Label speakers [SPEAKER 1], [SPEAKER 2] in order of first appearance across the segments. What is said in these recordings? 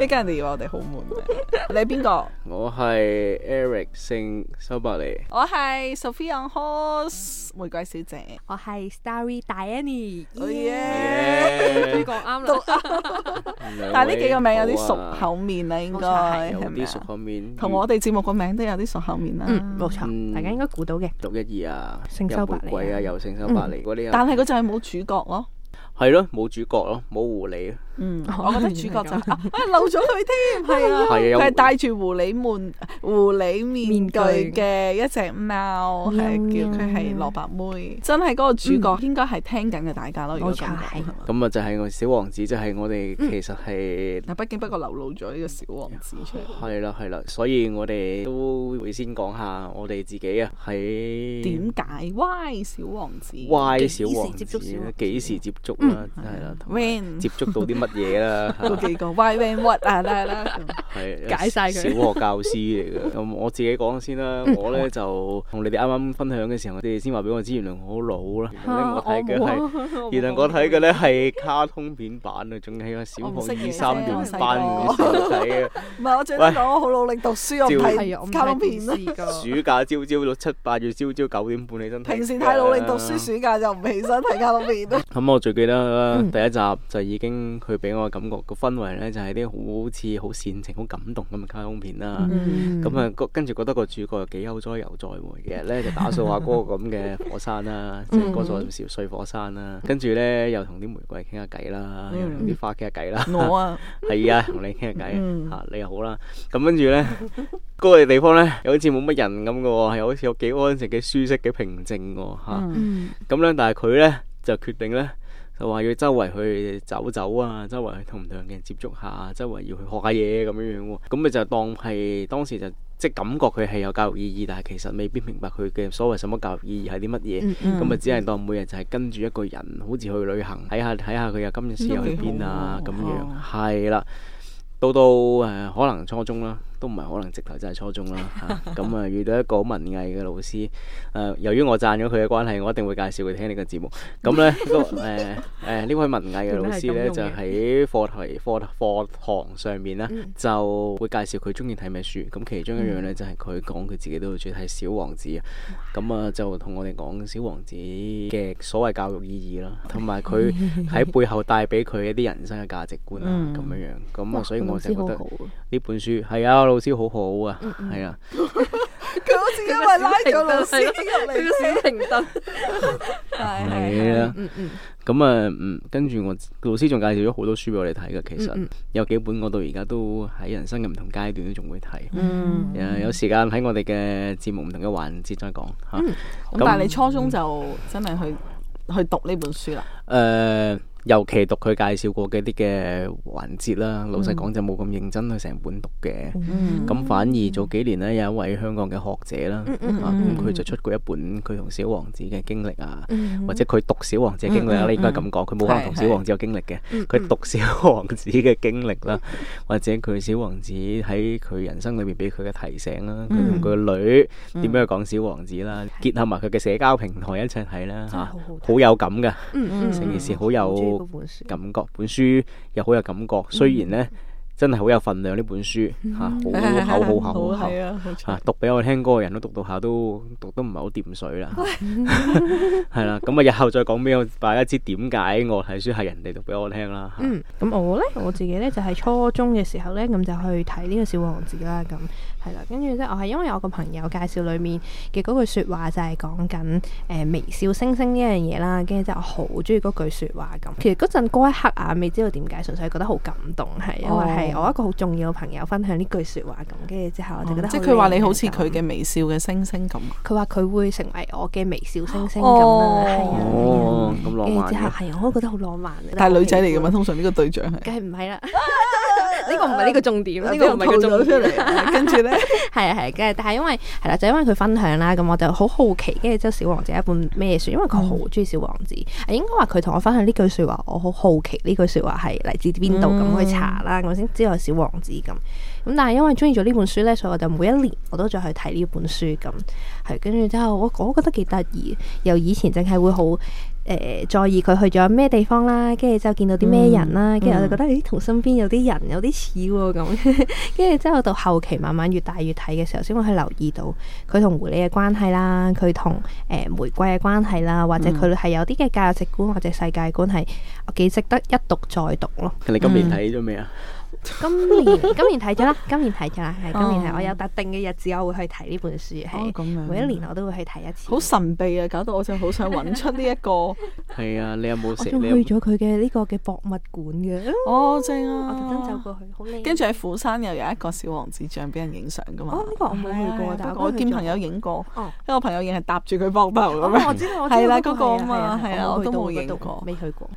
[SPEAKER 1] 一家人哋以為我哋好悶嘅。你係邊個？
[SPEAKER 2] 我係 Eric，姓修伯利。
[SPEAKER 1] 我係 Sophia On Horse，
[SPEAKER 3] 玫瑰小姐。我係 Starry，Diana。哦
[SPEAKER 4] 耶！呢個啱啦。
[SPEAKER 2] 但係呢幾個名有啲熟口面啦，應該係咪？有啲熟口面，同我
[SPEAKER 1] 哋節目個名都有啲熟口面啦。嗯，冇錯。大家應該估到嘅。六一二啊，姓修伯利貴啊，又
[SPEAKER 2] 姓修伯利嗰啲。但係佢
[SPEAKER 1] 就係冇主角咯。
[SPEAKER 2] 係咯，冇主角咯，冇狐狸。
[SPEAKER 1] 嗯，我覺得主角就係啊漏咗佢添，係啊，係啊，佢係戴住狐狸門狐狸面具嘅一隻貓，係叫佢係蘿蔔妹，真係嗰個主角應該係聽緊嘅大家咯。如果，係
[SPEAKER 2] 咁啊，就係我小王子，就係我哋其實係，但
[SPEAKER 1] 畢竟不過流露咗呢個小王子出
[SPEAKER 2] 嚟。係啦，係啦，所以我哋都會先講下我哋自己啊，喺點
[SPEAKER 1] 解 Why 小王子 Why 小王子？
[SPEAKER 2] 幾時接觸啦？幾時接觸啦？係啦，When 接觸到啲乜？嘢啦，都幾
[SPEAKER 1] 個 Why When What 啊啦啦，
[SPEAKER 2] 解晒佢。小學教師嚟嘅，咁我自己講先啦。我咧就同你哋啱啱分享嘅時候，我哋先話俾我知原來我好老啦。我睇嘅係，原來我睇嘅咧係卡通片版啊，仲係個小學二三年班嘅細嘅。唔
[SPEAKER 1] 係，我正喺我好努力讀書，我睇卡通片。
[SPEAKER 2] 暑假朝朝六、七八月朝朝九點半起身睇，平時睇努力讀書，
[SPEAKER 1] 暑假就唔起身睇卡通片。
[SPEAKER 2] 咁我最記得第一集就已經佢。俾我感覺個氛圍咧，就係啲好似好煽情、好感動咁嘅卡通片啦。咁啊，跟住覺得個主角又幾悠哉遊哉喎。其實咧就打掃下嗰咁嘅火山啦，即係咗咁少碎火山啦。跟住咧又同啲玫瑰傾下偈啦，又同啲花傾下偈啦。我啊，係啊，同你傾下偈啊。嚇，你又好啦。咁跟住咧，嗰個地方咧又好似冇乜人咁嘅喎，又好似有幾安靜嘅、舒適嘅、平靜嘅嚇。咁咧，但係佢咧就決定咧。就話要周圍去走走啊，周圍去同唔同嘅人接觸下，周圍要去學下嘢咁樣樣喎。咁咪就當係當時就即係感覺佢係有教育意義，但係其實未必明白佢嘅所謂什麼教育意義係啲乜嘢。咁咪、嗯嗯、只係當每日就係跟住一個人，好似去旅行，睇下睇下佢又今日先去邊啊咁樣。係啦，到到誒、呃、可能初中啦。都唔係可能，直頭就係初中啦嚇。咁啊，啊，遇到一個文藝嘅老師。誒、呃，由於我讚咗佢嘅關係，我一定會介紹佢聽呢個節目。咁咧，個誒誒呢位文藝嘅老師咧，就喺課題課課，課課堂上面咧，就會介紹佢中意睇咩書。咁其中一樣咧，嗯、就係佢講佢自己都好中意睇《小王子》啊。咁啊，就同我哋講《小王子》嘅所謂教育意義啦，同埋佢喺背後帶俾佢一啲人生嘅價值觀啊咁樣樣。咁啊，啊所以我就覺得呢本書係啊。老師好好啊！係啊，佢好似因為拉
[SPEAKER 4] 住老師入嚟
[SPEAKER 1] 小停頓，
[SPEAKER 2] 係啊，咁啊，嗯，跟住我老師仲介紹咗好多書俾我哋睇嘅。其實有幾本我到而家都喺人生嘅唔同階段都仲會睇，誒，有時間喺我哋嘅節目唔同嘅環節再講吓，咁但係你初中
[SPEAKER 1] 就真係去去讀呢本書啦，
[SPEAKER 2] 誒。尤其讀佢介紹過嘅啲嘅環節啦，老實講就冇咁認真去成本讀嘅，咁反而早幾年咧有一位香港嘅學者啦，咁佢就出過一本佢同小王子嘅經歷啊，或者佢讀小王子嘅經歷啦，你應該咁講，佢冇可能同小王子有經歷嘅，佢讀小王子嘅經歷啦，或者佢小王子喺佢人生裏面俾佢嘅提醒啦，佢同佢個女點樣講小王子啦，結合埋佢嘅社交平台一齊睇啦，嚇，好有感嘅，成件事好有。感覺本書又好有感覺，雖然呢、嗯、真係好有分量呢本書吓，好、嗯、厚好厚好厚吓，讀俾我聽嗰個人都讀到下都讀得唔係好掂水啦，係啦、哎，咁啊日後再講俾我大家知點解我睇書係人哋讀俾我聽啦。嗯，
[SPEAKER 3] 咁、嗯、我呢，我自己呢，就係、是、初中嘅時候呢，咁就去睇呢個小王子啦咁。係啦，跟住即係我係因為我個朋友介紹裏面嘅嗰句說話就係講緊誒微笑星星呢樣嘢啦，跟住之後我好中意嗰句說話咁。其實嗰陣嗰一刻啊，未知道點解，純粹係覺得好感動，係、oh. 因為係我一個好重要嘅朋友分享呢句說話咁，跟住之後我就覺得、oh. 即係佢話你好似佢嘅微笑嘅星星咁。佢話佢會成為我嘅微笑星星咁啊，係啊，咁浪漫。跟住之後係我都覺得好浪漫，
[SPEAKER 1] 但係女仔嚟嘅嘛，通常呢個對
[SPEAKER 3] 象係，梗係唔係啦，呢 個唔係呢個重點，呢 個唔係個重點。跟住咧。係啊係，跟 但係因為係啦，就因為佢分享啦，咁我就好好奇，跟住之後小王子一本咩書？因為佢好中意小王子，應該話佢同我分享呢句說話，我好好奇呢句說話係嚟自邊度，咁、嗯、去查啦，我先知道小王子咁。咁但係因為中意咗呢本書呢，所以我就每一年我都再去睇呢本書咁。係跟住之後，我我覺得幾得意，由以前淨係會好。誒、呃、在意佢去咗咩地方啦，跟住之後見到啲咩人啦，跟住、嗯嗯、我就覺得，咦，同身邊有啲人有啲似喎咁。跟住之後到後期慢慢越大越睇嘅時候，先會去留意到佢同狐狸嘅關係啦，佢同誒玫瑰嘅關係啦，或者佢係有啲嘅價值觀或者世界觀係幾值得一讀再讀咯。你今年睇咗未啊？嗯今年今年睇咗啦，今年睇咗啦，係今年係我有特定嘅日子我會去睇呢本書，係每一年我都會去睇一次。好神秘啊，搞到我就好想揾出呢一個。
[SPEAKER 2] 係啊，你有冇？我仲去
[SPEAKER 3] 咗佢嘅呢個嘅博物館嘅。哦，正啊！我特登走過去，好靚。
[SPEAKER 4] 跟
[SPEAKER 1] 住喺釜山又有一個小王子像俾人影相噶嘛。哦，呢個我冇去過，但我見朋友影過。哦。因為我朋友影係搭住佢膊頭。咁樣。我知道我知道。係啦，嗰個啊，係啊，我都冇影過，未去過。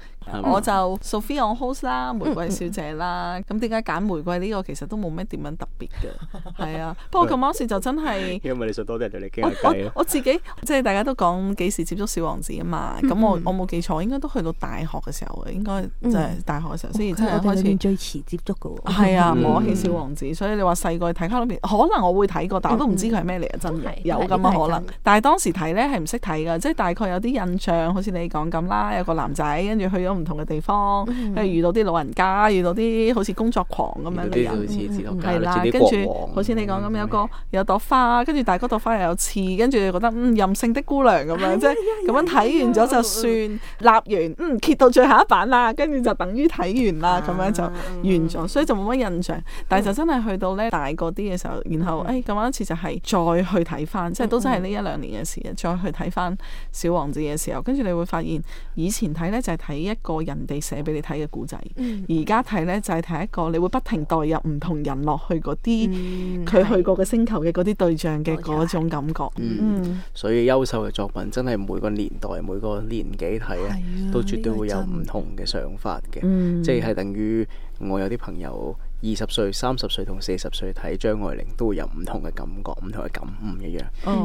[SPEAKER 1] 我就 Sophie on Horse 啦，玫瑰小姐啦，點解揀玫瑰呢個其實都冇咩點樣特別嘅，係啊！不過個貓鼠就真係
[SPEAKER 2] 因為你熟多啲，對你傾下偈啊！我
[SPEAKER 1] 自己即係大家都講幾時接觸小王子啊嘛，咁我我冇記錯應該都去到大學嘅時候，應該就係大學嘅時候先然之後開始
[SPEAKER 3] 最遲接觸嘅喎，係啊！摸起小王
[SPEAKER 1] 子，所以你話細個睇卡洛兒，可能我會睇過，但我都唔知佢係咩嚟啊！真係有咁啊可能，但係當時睇咧係唔識睇嘅，即係大概有啲印象，好似你講咁啦，有個男仔跟住去咗唔同嘅地方，跟住遇到啲老人家，遇到啲好似公作狂咁樣嘅人，係啦，跟住好似你講咁，有個有朵花，跟住大個朵花又有刺，跟住你覺得嗯任性的姑娘咁樣，即係咁樣睇完咗就算，立完嗯揭到最後一版啦，跟住就等於睇完啦，咁樣就完咗，所以就冇乜印象。但係就真係去到咧大個啲嘅時候，然後誒咁樣一次就係再去睇翻，即係都真係呢一兩年嘅事啊，再去睇翻小王子嘅時候，跟住你會發現以前睇咧就係睇一個人哋寫俾你睇嘅故仔，而家睇咧就係睇一個。你會不停代入唔同人落去嗰啲佢去過嘅星球嘅嗰啲對象嘅嗰種感覺。嗯嗯、
[SPEAKER 2] 所以優秀嘅作品真係每個年代，每個年紀睇呀、啊，啊、都絕對會有唔同嘅想法嘅。即係、嗯、等於我有啲朋友。二十歲、三十歲同四十歲睇張愛玲都會有唔同嘅感覺，唔同嘅感悟一樣。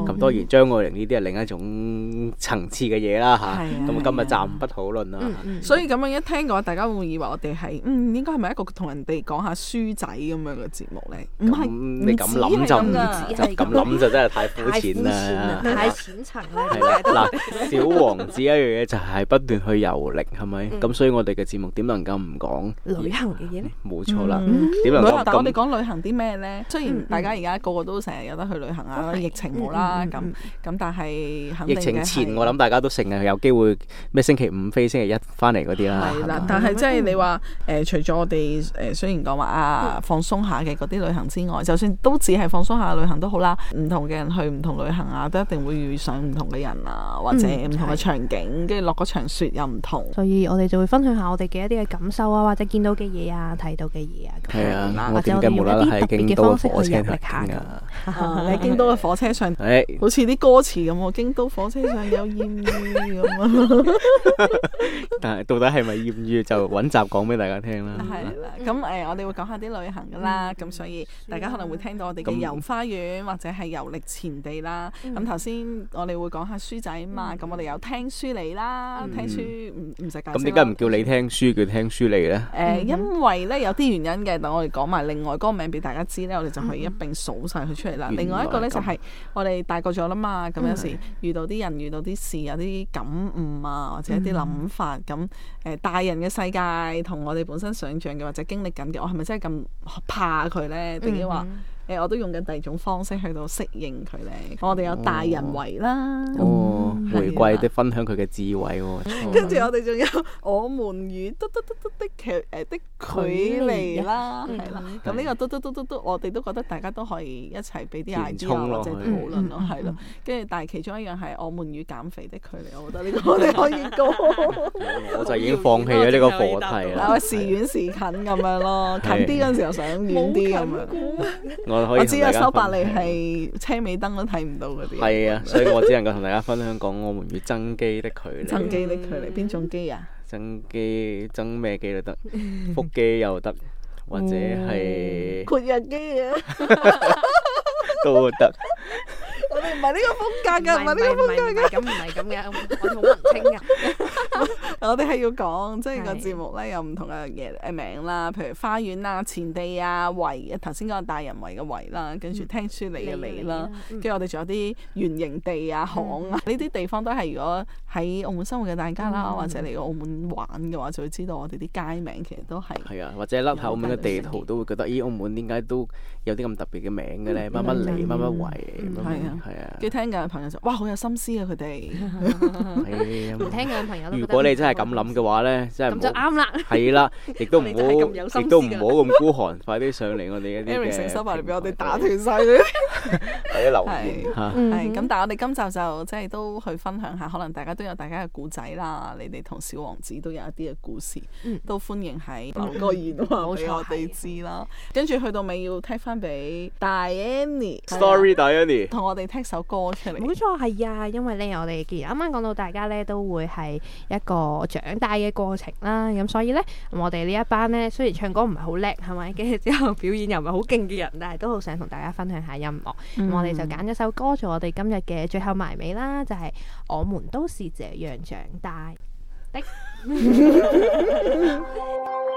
[SPEAKER 2] 咁當然張愛玲呢啲係另一種層次嘅嘢啦嚇。咁今日暫不討論啦。
[SPEAKER 1] 所以咁樣一聽嘅話，大家會以為我哋係嗯應該係咪一個同人哋講下書仔咁樣嘅節目呢？唔係，你咁諗就咁諗就真係太膚
[SPEAKER 4] 淺啦，太淺層啦。嗱，小王
[SPEAKER 2] 子一樣嘢就係不斷去遊歷，係咪？咁所以我哋嘅節目點能夠唔講旅行嘅嘢呢？冇錯啦。點樣講？但係我哋
[SPEAKER 1] 講旅行啲咩呢？雖然大家而家個個都成日有得去旅行啊，疫情冇啦咁咁，但係肯定疫情前我
[SPEAKER 2] 諗大家都成日有機會咩星期五飛星期一翻嚟嗰啲啦。係啦，
[SPEAKER 1] 但係即係你話誒，除咗我哋誒，雖然講話啊，放鬆下嘅嗰啲旅行之外，就算都只係放鬆下旅行都好啦。唔同嘅人去唔同旅行啊，都一定會遇上唔同嘅人啊，或者唔同嘅場景，跟住落嗰場雪又唔同。
[SPEAKER 3] 所以我哋就會分享下我哋嘅一啲嘅感受啊，或者見到嘅嘢啊，睇到嘅嘢啊。
[SPEAKER 1] 係啊，我點解用一啲特別嘅方式嚟
[SPEAKER 2] 聽
[SPEAKER 1] 啊？喺京都嘅火車上，誒，好似啲歌詞咁喎。京都火車上有艷遇咁啊！
[SPEAKER 2] 但係到底係咪艷遇就揾集講俾大家聽啦？係啦，
[SPEAKER 1] 咁誒，我哋會講下啲旅行噶啦，咁所以大家可能會聽到我哋嘅遊花園或者係遊歷前地啦。咁頭先我哋會講下書仔啊嘛，咁我哋有聽書嚟啦，聽書唔唔使介紹。咁點解唔
[SPEAKER 2] 叫你聽書叫聽書嚟咧？
[SPEAKER 1] 誒，因為咧有啲原因嘅。我哋講埋另外個名俾大家知咧，我哋就可以一並數晒佢出嚟啦。嗯、另外一個咧就係我哋大個咗啦嘛，咁、嗯、有時遇到啲人、遇到啲事，有啲感悟啊，或者啲諗法，咁誒、嗯、大人嘅世界同我哋本身想像嘅或者經歷緊嘅，我係咪真係咁怕佢咧？定話？嗯嗯誒，我都用緊第二種方式去到適應佢哋。我哋有大人圍啦，
[SPEAKER 2] 哦，玫瑰的分享佢嘅智慧喎。跟住我哋
[SPEAKER 1] 仲有我們與嘟嘟嘟嘟的距的距離啦，係啦。咁呢個嘟嘟嘟嘟嘟，我哋都覺得大家都可以一齊俾啲 idea 或者討論咯，係咯。跟住，但係其中一樣係我們與減肥的距離，我覺得呢個我哋可以講。
[SPEAKER 2] 我就已經放棄咗呢個課題啦。我
[SPEAKER 1] 時遠時近咁樣咯，近啲嗰陣時候想遠啲咁樣。
[SPEAKER 2] 我，我知啊，收百里係
[SPEAKER 1] 車尾燈都睇唔到嗰啲。係
[SPEAKER 2] 啊， 所以我只能夠同大家分享講，我們與增肌的距離。增肌
[SPEAKER 1] 的距離，邊、嗯、種肌啊？
[SPEAKER 2] 增肌增咩肌都得，腹肌又得，或者係括約肌啊，嗯、 都得。
[SPEAKER 1] 唔係呢個風格㗎，唔係呢個風格㗎。咁唔係咁嘅，我好唔清㗎。我哋係要講，即係個節目咧有唔同一樣嘢誒名啦，譬如花園啊、前地啊、圍啊頭先嗰個大人圍嘅圍啦，跟住聽書嚟嘅嚟啦，跟住我哋仲有啲圓形地啊、巷啊，呢啲地方都係如果喺澳門生活嘅大家啦，或者嚟澳門玩嘅話，就會知道我哋啲街名其實都係。
[SPEAKER 2] 係啊，或者笠下澳門嘅地圖都會覺得，咦，澳門點解都有啲咁特別嘅名嘅咧？乜乜嚟，乜乜圍，係啊。
[SPEAKER 1] 叫聽緊嘅朋友就哇好有心思啊！佢哋唔聽嘅朋友，如果你
[SPEAKER 2] 真係咁諗嘅話咧，真係咁就
[SPEAKER 1] 啱啦，係
[SPEAKER 2] 啦，亦都唔好，亦都唔好咁孤寒，快啲上嚟我哋嘅 e r i c s 嚟，
[SPEAKER 1] 俾我哋打斷晒你，係
[SPEAKER 2] 啊，留言。嗯，咁
[SPEAKER 1] 但係我哋今集就即係都去分享下，可能大家都有大家嘅故仔啦。你哋同小王子都有一啲嘅故事，都歡迎喺留言話俾我哋知啦。跟住去到尾要聽翻俾大 Annie Story，
[SPEAKER 2] 同
[SPEAKER 3] 我哋聽。首歌出嚟，冇錯係啊，因為呢，我哋既然啱啱講到大家呢都會係一個長大嘅過程啦。咁所以呢，我哋呢一班呢，雖然唱歌唔係好叻，係咪？跟住之後表演又唔係好勁嘅人，但係都好想同大家分享下音樂。嗯嗯。我哋就揀咗首歌做我哋今日嘅最後埋尾啦，就係是《我們都是這樣長大》的。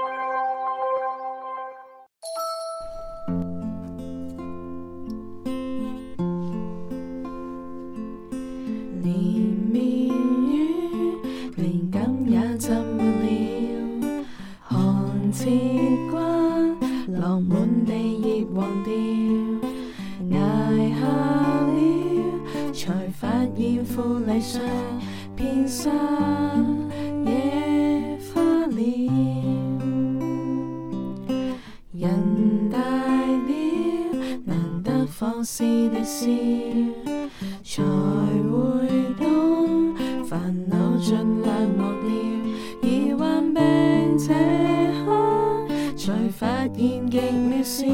[SPEAKER 4] 片上遍山野花凋，人大了，難得放肆地笑，才會懂煩惱盡量忘掉，而患病這刻，才發現極渺小。